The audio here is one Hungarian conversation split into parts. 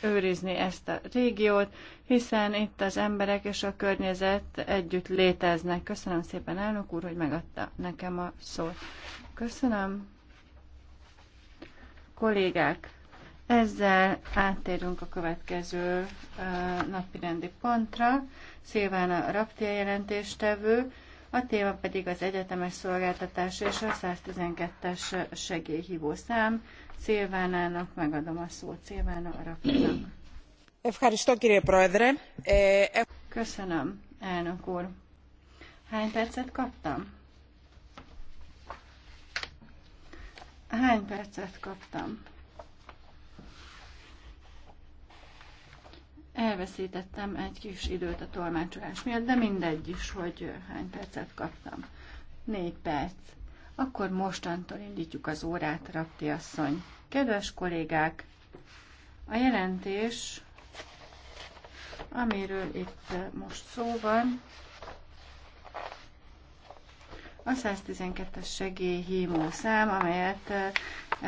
őrizni ezt a régiót, hiszen itt az emberek és a környezet együtt léteznek. Köszönöm szépen, elnök úr, hogy megadta nekem a szót. Köszönöm. Kollégák, ezzel áttérünk a következő uh, napirendi pontra. Szilván a Raptia jelentéstevő, a téma pedig az egyetemes szolgáltatás és a 112-es segélyhívó szám. Szilvánának megadom a szót. Szilván Arafnak. E, e- Köszönöm, elnök úr. Hány percet kaptam? Hány percet kaptam? Elveszítettem egy kis időt a tolmácsolás miatt, de mindegy is, hogy hány percet kaptam. Négy perc. Akkor mostantól indítjuk az órát, Rapti asszony. Kedves kollégák, a jelentés, amiről itt most szó van, a 112-es segélyhívó szám, amelyet eh,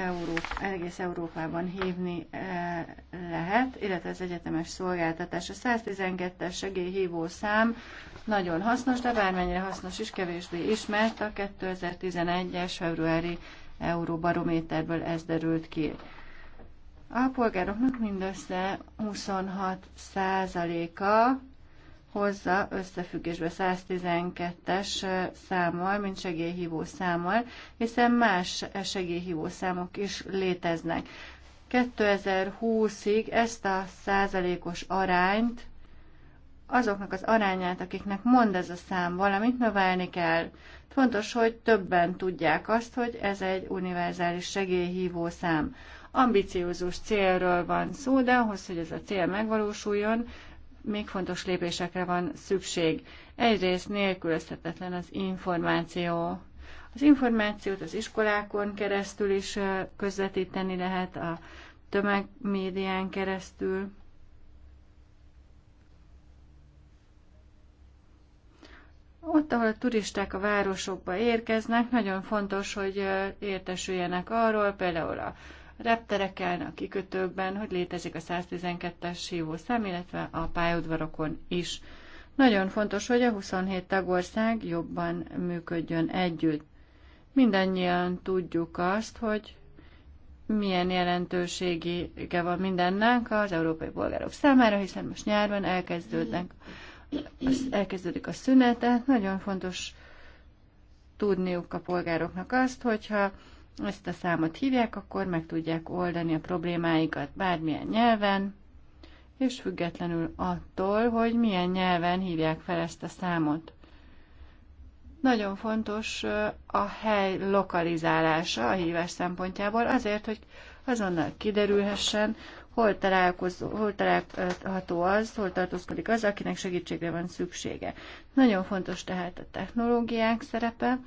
Európa, egész Európában hívni eh, lehet, illetve az egyetemes szolgáltatás. A 112-es segélyhívó szám nagyon hasznos, de bármennyire hasznos is, kevésbé ismert a 2011-es februári euróbarométerből ez derült ki. A polgároknak mindössze 26 százaléka hozza összefüggésbe 112-es számmal, mint segélyhívó számmal, hiszen más segélyhívó számok is léteznek. 2020-ig ezt a százalékos arányt azoknak az arányát, akiknek mond ez a szám valamit, növelni kell. Fontos, hogy többen tudják azt, hogy ez egy univerzális segélyhívó szám. Ambiciózus célről van szó, de ahhoz, hogy ez a cél megvalósuljon, még fontos lépésekre van szükség. Egyrészt nélkülözhetetlen az információ. Az információt az iskolákon keresztül is közvetíteni lehet, a tömegmédián keresztül. Ott, ahol a turisták a városokba érkeznek, nagyon fontos, hogy értesüljenek arról, például a reptereken, a kikötőkben, hogy létezik a 112-es hívószám, illetve a pályaudvarokon is. Nagyon fontos, hogy a 27 tagország jobban működjön együtt. Mindannyian tudjuk azt, hogy milyen jelentősége van mindennek az európai polgárok számára, hiszen most nyárban elkezdődnek elkezdődik a szünet, tehát nagyon fontos tudniuk a polgároknak azt, hogyha ezt a számot hívják, akkor meg tudják oldani a problémáikat bármilyen nyelven, és függetlenül attól, hogy milyen nyelven hívják fel ezt a számot. Nagyon fontos a hely lokalizálása a hívás szempontjából, azért, hogy azonnal kiderülhessen, hol, hol található az, hol tartózkodik az, akinek segítségre van szüksége. Nagyon fontos tehát a technológiák szerepe,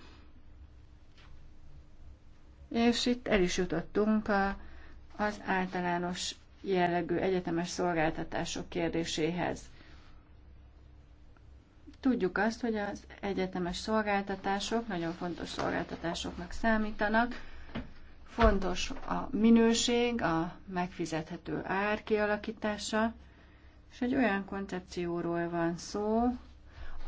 és itt el is jutottunk a, az általános jellegű egyetemes szolgáltatások kérdéséhez. Tudjuk azt, hogy az egyetemes szolgáltatások nagyon fontos szolgáltatásoknak számítanak, Fontos a minőség, a megfizethető ár kialakítása, és egy olyan koncepcióról van szó,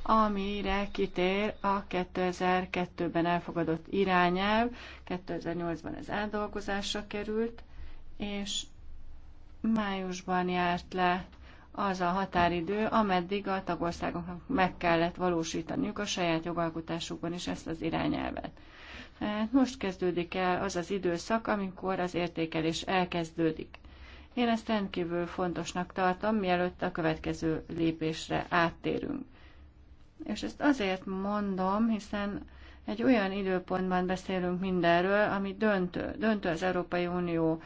amire kitér a 2002-ben elfogadott irányelv, 2008-ban ez átdolgozásra került, és májusban járt le az a határidő, ameddig a tagországoknak meg kellett valósítaniuk a saját jogalkotásukban is ezt az irányelvet. Hát most kezdődik el az az időszak, amikor az értékelés elkezdődik. Én ezt rendkívül fontosnak tartom, mielőtt a következő lépésre áttérünk. És ezt azért mondom, hiszen egy olyan időpontban beszélünk mindenről, ami döntő. Döntő az Európai Unió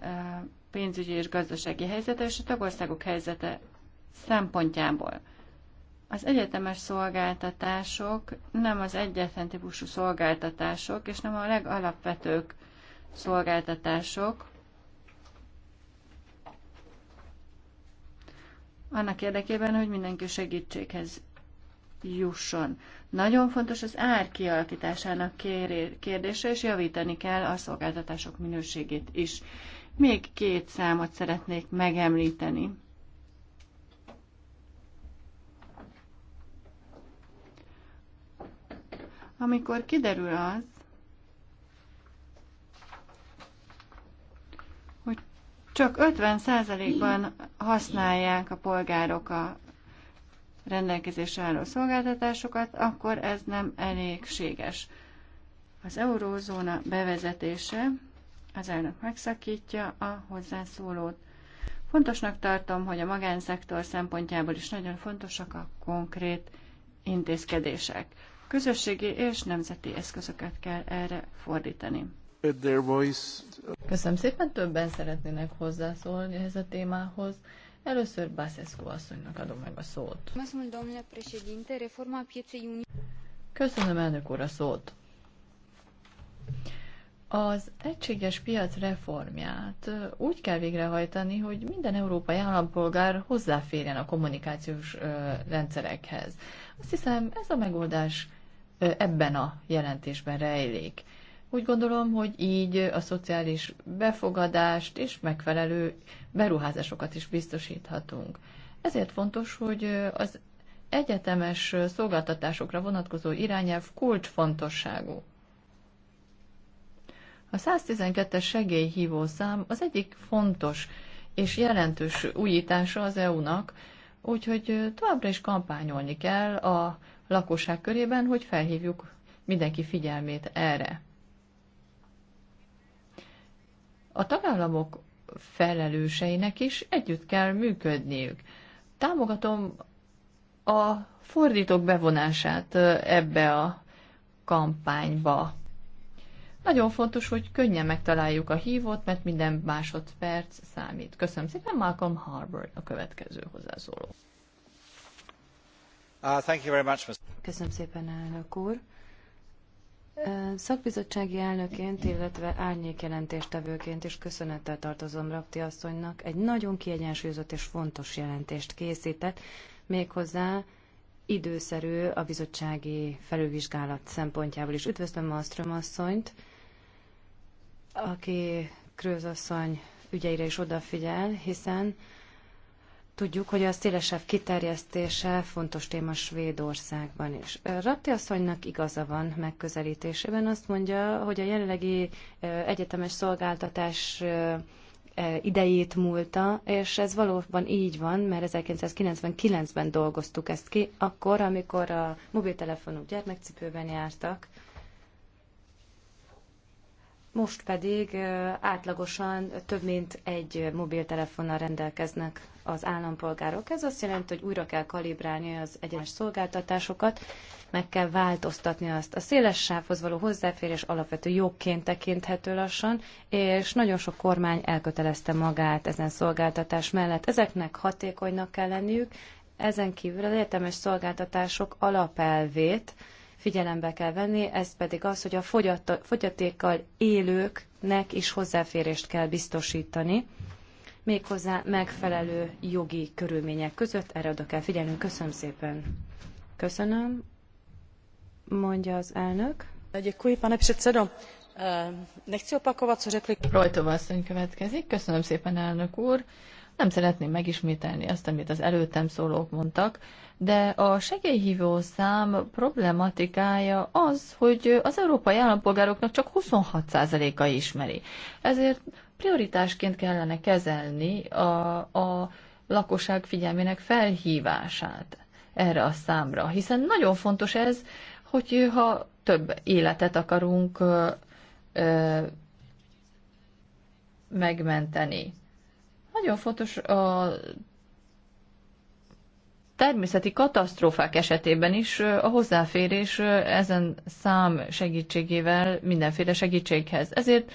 eh, pénzügyi és gazdasági helyzete és a tagországok helyzete szempontjából. Az egyetemes szolgáltatások nem az egyetlen típusú szolgáltatások, és nem a legalapvetők szolgáltatások. Annak érdekében, hogy mindenki segítséghez jusson. Nagyon fontos az ár kialakításának kérdése, és javítani kell a szolgáltatások minőségét is. Még két számot szeretnék megemlíteni. amikor kiderül az, hogy csak 50%-ban használják a polgárok a rendelkezésre álló szolgáltatásokat, akkor ez nem elégséges. Az eurózóna bevezetése az elnök megszakítja a hozzászólót. Fontosnak tartom, hogy a magánszektor szempontjából is nagyon fontosak a konkrét intézkedések közösségi és nemzeti eszközöket kell erre fordítani. Uh, Köszönöm szépen, többen szeretnének hozzászólni ehhez a témához. Először Baszeszko asszonynak adom meg a szót. Köszönöm, elnök úr, a szót. Az egységes piac reformját úgy kell végrehajtani, hogy minden európai állampolgár hozzáférjen a kommunikációs rendszerekhez. Azt hiszem, ez a megoldás ebben a jelentésben rejlik. Úgy gondolom, hogy így a szociális befogadást és megfelelő beruházásokat is biztosíthatunk. Ezért fontos, hogy az egyetemes szolgáltatásokra vonatkozó irányelv kulcsfontosságú. A 112-es segélyhívó szám az egyik fontos és jelentős újítása az EU-nak, úgyhogy továbbra is kampányolni kell a lakosság körében, hogy felhívjuk mindenki figyelmét erre. A tagállamok felelőseinek is együtt kell működniük. Támogatom a fordítók bevonását ebbe a kampányba. Nagyon fontos, hogy könnyen megtaláljuk a hívót, mert minden másodperc számít. Köszönöm szépen, Malcolm Harbour a következő hozzászóló. Uh, thank you very much, Mr. Köszönöm szépen, elnök úr. Szakbizottsági elnöként, illetve árnyékjelentéstevőként is köszönettel tartozom Rapti asszonynak. Egy nagyon kiegyensúlyozott és fontos jelentést készített, méghozzá időszerű a bizottsági felülvizsgálat szempontjából is. Üdvözlöm Malmström asszonyt, aki Krőzasszony ügyeire is odafigyel, hiszen tudjuk, hogy a szélesebb kiterjesztése fontos téma Svédországban is. Ratti asszonynak igaza van megközelítésében, azt mondja, hogy a jelenlegi egyetemes szolgáltatás e, idejét múlta, és ez valóban így van, mert 1999-ben dolgoztuk ezt ki, akkor, amikor a mobiltelefonok gyermekcipőben jártak, most pedig átlagosan több mint egy mobiltelefonnal rendelkeznek az állampolgárok. Ez azt jelenti, hogy újra kell kalibrálni az egyes szolgáltatásokat, meg kell változtatni azt. A széles sávhoz való hozzáférés alapvető jogként tekinthető lassan, és nagyon sok kormány elkötelezte magát ezen szolgáltatás mellett. Ezeknek hatékonynak kell lenniük, ezen kívül az egyetemes szolgáltatások alapelvét, figyelembe kell venni, ez pedig az, hogy a fogyatékkal élőknek is hozzáférést kell biztosítani, méghozzá megfelelő jogi körülmények között, erre oda kell figyelnünk. Köszönöm szépen. Köszönöm, mondja az elnök. Děkuji, pane předsedo. Eh, nechci opakovat, co řekli. Rojtova asszony következik. Köszönöm szépen, elnök úr. Nem szeretném megismételni azt, amit az előttem szólók mondtak, de a segélyhívó szám problematikája az, hogy az európai állampolgároknak csak 26%-a ismeri. Ezért prioritásként kellene kezelni a, a lakosság figyelmének felhívását erre a számra, hiszen nagyon fontos ez, hogy ha több életet akarunk ö, ö, megmenteni. Nagyon fontos a természeti katasztrófák esetében is a hozzáférés ezen szám segítségével mindenféle segítséghez. Ezért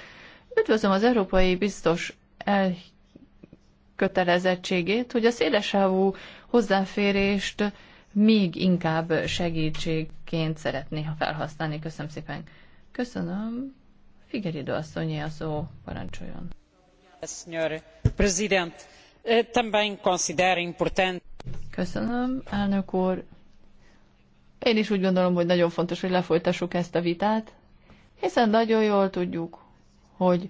üdvözlöm az európai biztos elkötelezettségét, hogy a szélesávú hozzáférést még inkább segítségként szeretné felhasználni. Köszönöm szépen. Köszönöm. Figyeridő asszonyi a szó, parancsoljon senhor presidente eh, considero importante. Én is úgy gondolom, hogy nagyon fontos, hogy lefolytassuk ezt a vitát, hiszen nagyon jól tudjuk, hogy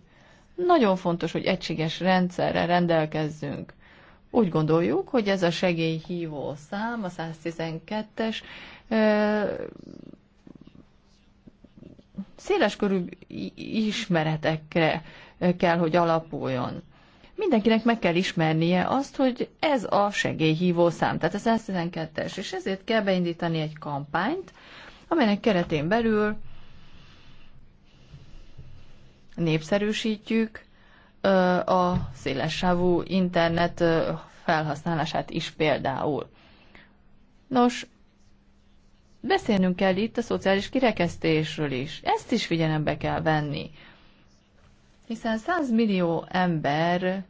nagyon fontos, hogy egységes rendszerre rendelkezzünk. Úgy gondoljuk, hogy ez a segélyhívó szám, a 112-es, eh, széleskörű ismeretekre kell, hogy alapuljon. Mindenkinek meg kell ismernie azt, hogy ez a segélyhívó szám, tehát a 112-es, és ezért kell beindítani egy kampányt, amelynek keretén belül népszerűsítjük a szélessávú internet felhasználását is például. Nos, beszélnünk kell itt a szociális kirekesztésről is. Ezt is figyelembe kell venni hiszen 100 millió ember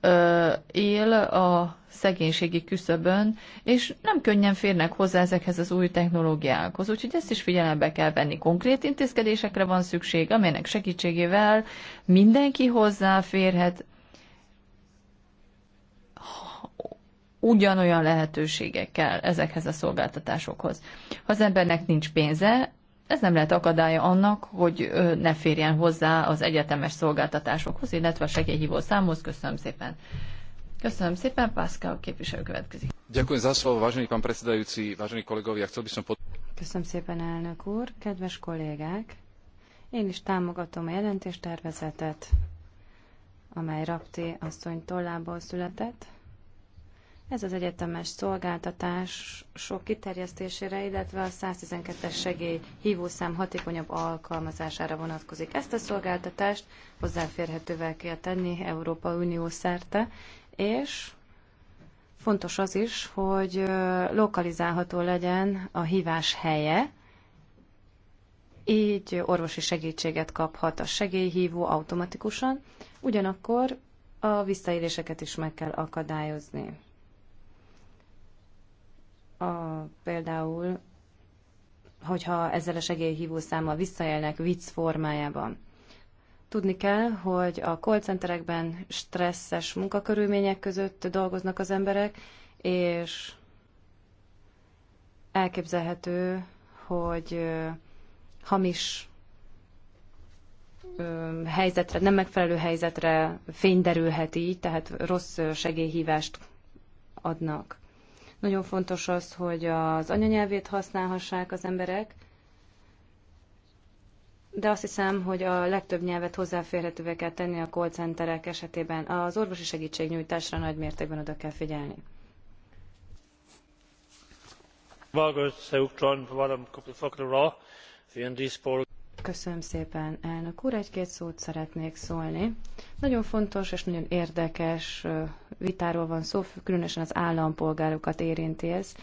ö, él a szegénységi küszöbön, és nem könnyen férnek hozzá ezekhez az új technológiákhoz, úgyhogy ezt is figyelembe kell venni. Konkrét intézkedésekre van szükség, amelynek segítségével mindenki hozzáférhet ugyanolyan lehetőségekkel ezekhez a szolgáltatásokhoz. Ha az embernek nincs pénze, ez nem lehet akadálya annak, hogy ne férjen hozzá az egyetemes szolgáltatásokhoz, illetve a segélyhívó számhoz. Köszönöm szépen. Köszönöm szépen, Pászkál képviselő következik. Ďakujem za slovo, vážený pán predsedajúci, kolegovia, chcel by som pod... Köszönöm szépen, elnök úr, kedves kollégák! Én is támogatom a jelentéstervezetet, amely Rapti asszony tollából született. Ez az egyetemes szolgáltatások kiterjesztésére, illetve a 112-es segély hívószám hatékonyabb alkalmazására vonatkozik. Ezt a szolgáltatást hozzáférhetővé kell tenni Európa Unió szerte, és fontos az is, hogy lokalizálható legyen a hívás helye, így orvosi segítséget kaphat a segélyhívó automatikusan, ugyanakkor a visszaéléseket is meg kell akadályozni a, például, hogyha ezzel a segélyhívó számmal visszaélnek vicc formájában. Tudni kell, hogy a call centerekben stresszes munkakörülmények között dolgoznak az emberek, és elképzelhető, hogy hamis helyzetre, nem megfelelő helyzetre fényderülhet így, tehát rossz segélyhívást adnak. Nagyon fontos az, hogy az anyanyelvét használhassák az emberek, de azt hiszem, hogy a legtöbb nyelvet hozzáférhetővé kell tenni a call centerek esetében. Az orvosi segítségnyújtásra nagy mértékben oda kell figyelni. Valgos, Valam, Köszönöm szépen, elnök úr. Egy-két szót szeretnék szólni. Nagyon fontos és nagyon érdekes vitáról van szó, különösen az állampolgárokat érinti ez.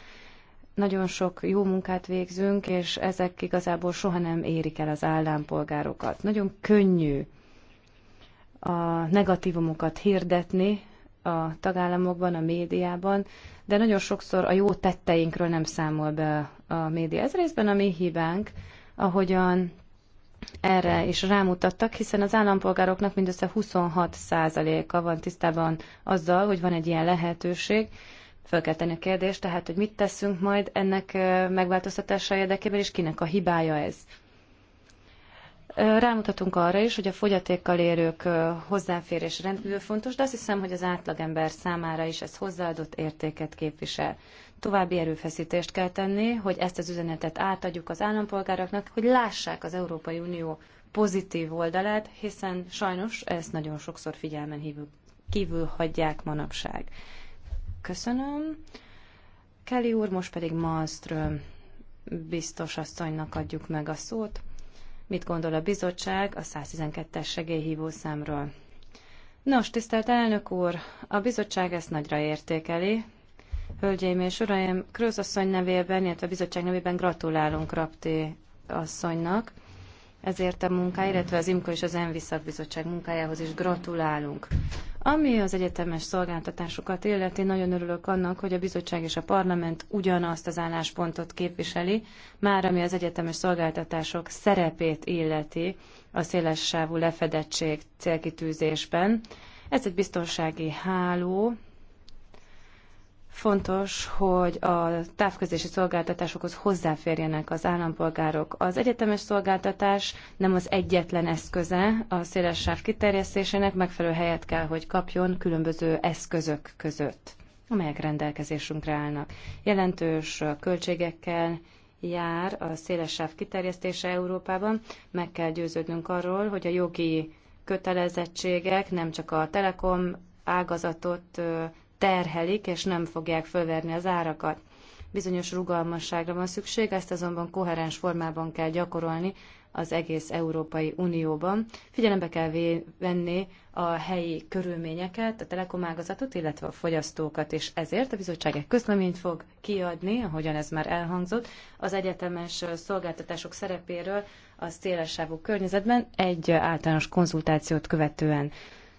Nagyon sok jó munkát végzünk, és ezek igazából soha nem érik el az állampolgárokat. Nagyon könnyű a negatívumokat hirdetni a tagállamokban, a médiában, de nagyon sokszor a jó tetteinkről nem számol be a média. Ez részben a mi hibánk, ahogyan erre is rámutattak, hiszen az állampolgároknak mindössze 26%-a van tisztában azzal, hogy van egy ilyen lehetőség. Föl kell tenni a kérdést, tehát, hogy mit teszünk majd ennek megváltoztatása érdekében, és kinek a hibája ez. Rámutatunk arra is, hogy a fogyatékkal érők hozzáférés rendkívül fontos, de azt hiszem, hogy az átlagember számára is ez hozzáadott értéket képvisel. További erőfeszítést kell tenni, hogy ezt az üzenetet átadjuk az állampolgároknak, hogy lássák az Európai Unió pozitív oldalát, hiszen sajnos ezt nagyon sokszor figyelmen hívjuk kívül hagyják manapság. Köszönöm. Kelly úr, most pedig Malmström biztos asszonynak adjuk meg a szót. Mit gondol a bizottság a 112-es segélyhívó számról? Nos, tisztelt elnök úr, a bizottság ezt nagyra értékeli. Hölgyeim és uraim, Krőz asszony nevében, illetve a bizottság nevében gratulálunk Rapti asszonynak. Ezért a munkáért, illetve az IMKO és az ENVISZAK bizottság munkájához is gratulálunk. Ami az egyetemes szolgáltatásokat illeti, nagyon örülök annak, hogy a bizottság és a parlament ugyanazt az álláspontot képviseli, már ami az egyetemes szolgáltatások szerepét illeti a széles sávú lefedettség célkitűzésben. Ez egy biztonsági háló, Fontos, hogy a távközlési szolgáltatásokhoz hozzáférjenek az állampolgárok. Az egyetemes szolgáltatás nem az egyetlen eszköze a széles sáv kiterjesztésének, megfelelő helyet kell, hogy kapjon különböző eszközök között, amelyek rendelkezésünkre állnak. Jelentős költségekkel jár a széles sáv kiterjesztése Európában. Meg kell győződnünk arról, hogy a jogi kötelezettségek nem csak a telekom ágazatot terhelik, és nem fogják fölverni az árakat. Bizonyos rugalmasságra van szükség, ezt azonban koherens formában kell gyakorolni az egész Európai Unióban. Figyelembe kell venni a helyi körülményeket, a telekomágazatot, illetve a fogyasztókat, és ezért a bizottság egy közleményt fog kiadni, ahogyan ez már elhangzott, az egyetemes szolgáltatások szerepéről a szélesávú környezetben egy általános konzultációt követően.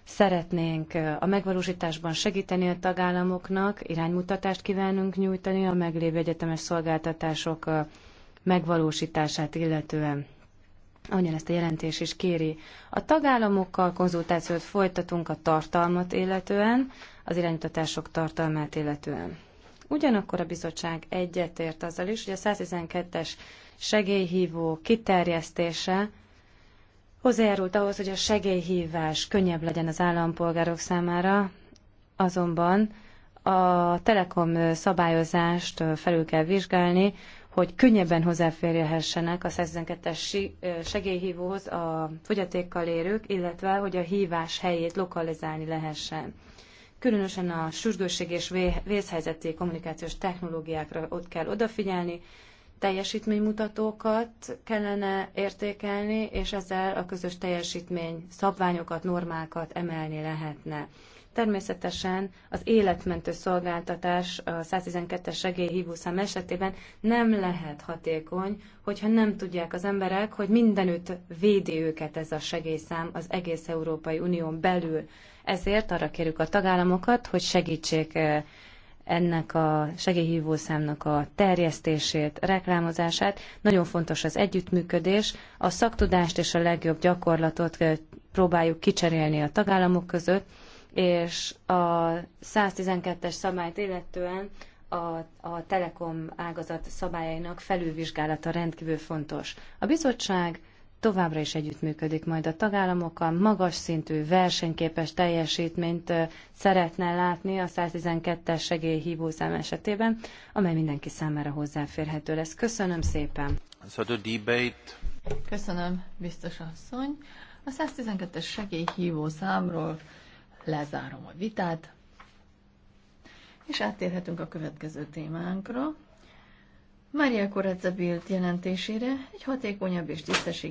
Szeretnénk a megvalósításban segíteni a tagállamoknak, iránymutatást kívánunk nyújtani a meglévő egyetemes szolgáltatások megvalósítását illetően. Ahogyan ezt a jelentés is kéri. A tagállamokkal konzultációt folytatunk a tartalmat illetően, az iránymutatások tartalmát illetően. Ugyanakkor a bizottság egyetért azzal is, hogy a 112-es segélyhívó kiterjesztése hozzájárult ahhoz, hogy a segélyhívás könnyebb legyen az állampolgárok számára, azonban a telekom szabályozást felül kell vizsgálni, hogy könnyebben hozzáférhessenek a 112-es segélyhívóhoz a fogyatékkal érők, illetve hogy a hívás helyét lokalizálni lehessen. Különösen a sürgősség és vészhelyzeti kommunikációs technológiákra ott kell odafigyelni, teljesítménymutatókat kellene értékelni, és ezzel a közös teljesítmény szabványokat, normákat emelni lehetne. Természetesen az életmentő szolgáltatás a 112-es segélyhívószám esetében nem lehet hatékony, hogyha nem tudják az emberek, hogy mindenütt védi őket ez a segélyszám az egész Európai Unión belül. Ezért arra kérjük a tagállamokat, hogy segítsék eh, ennek a segélyhívó számnak a terjesztését, reklámozását. Nagyon fontos az együttműködés, a szaktudást és a legjobb gyakorlatot próbáljuk kicserélni a tagállamok között, és a 112-es szabályt illetően a, a telekom ágazat szabályainak felülvizsgálata rendkívül fontos. A bizottság továbbra is együttműködik majd a tagállamokkal, magas szintű, versenyképes teljesítményt szeretne látni a 112-es segélyhívószám esetében, amely mindenki számára hozzáférhető lesz. Köszönöm szépen! So the debate. Köszönöm, biztos asszony. A 112-es segélyhívó számról lezárom a vitát, és áttérhetünk a következő témánkra. Maria Koracebilt jelentésére egy hatékonyabb és tisztességes